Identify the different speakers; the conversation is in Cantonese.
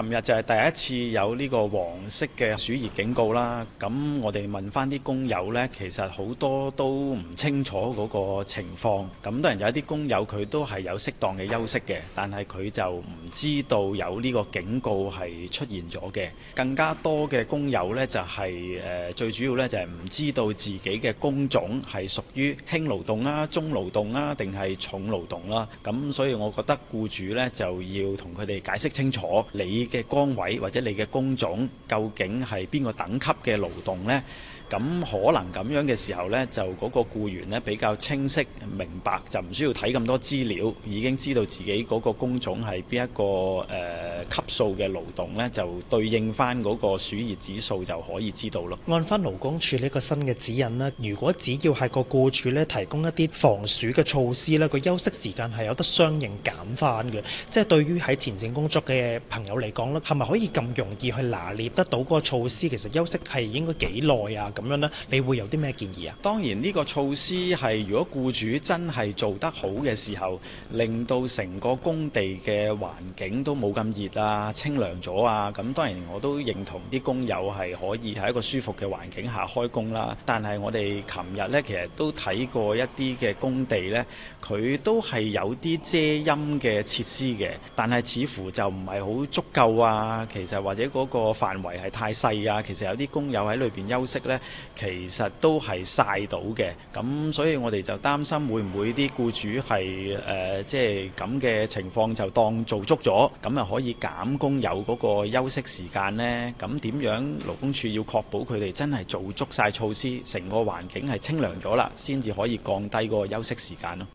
Speaker 1: 琴日就係第一次有呢個黃色嘅暑熱警告啦。咁我哋問翻啲工友呢，其實好多都唔清楚嗰個情況。咁當然有一啲工友佢都係有適當嘅休息嘅，但係佢就唔知道有呢個警告係出現咗嘅。更加多嘅工友呢、就係，就、呃、係最主要呢，就係唔知道自己嘅工種係屬於輕勞動啦、啊、中勞動啦、啊，定係重勞動啦、啊。咁所以我覺得僱主呢就要同佢哋解釋清楚你嘅崗位或者你嘅工種究竟係邊個等級嘅勞動咧？咁可能咁樣嘅時候咧，就嗰個僱員咧比較清晰明白，就唔需要睇咁多資料，已經知道自己嗰個工種係邊一個誒、呃、級數嘅勞動咧，就對應翻嗰個暑熱指數就可以知道咯，
Speaker 2: 按翻勞工處呢個新嘅指引咧，如果只要係個僱主咧提供一啲防暑嘅措施咧，個休息時間係有得相應減翻嘅。即係對於喺前線工作嘅朋友嚟講係咪可以咁容易去拿捏得到個措施？其實休息係應該幾耐啊？咁樣咧，
Speaker 1: 你會有啲咩建議啊？當然呢個措施係如果僱主真係做得好嘅時候，令到成個工地嘅環境都冇咁熱啊、清涼咗啊。咁當然我都認同啲工友係可以喺一個舒服嘅環境下開工啦、啊。但係我哋琴日咧，其實都睇過一啲嘅工地咧，佢都係有啲遮陰嘅設施嘅，但係似乎就唔係好足夠。夠啊，其實或者嗰個範圍係太細啊，其實有啲工友喺裏邊休息咧，其實都係曬到嘅。咁所以我哋就擔心會唔會啲僱主係誒、即係咁嘅情況就當做足咗，咁就可以減工友嗰個休息時間咧？咁點樣勞工處要確保佢哋真係做足晒措施，成個環境係清涼咗啦，先至可以降低個休息時間咯。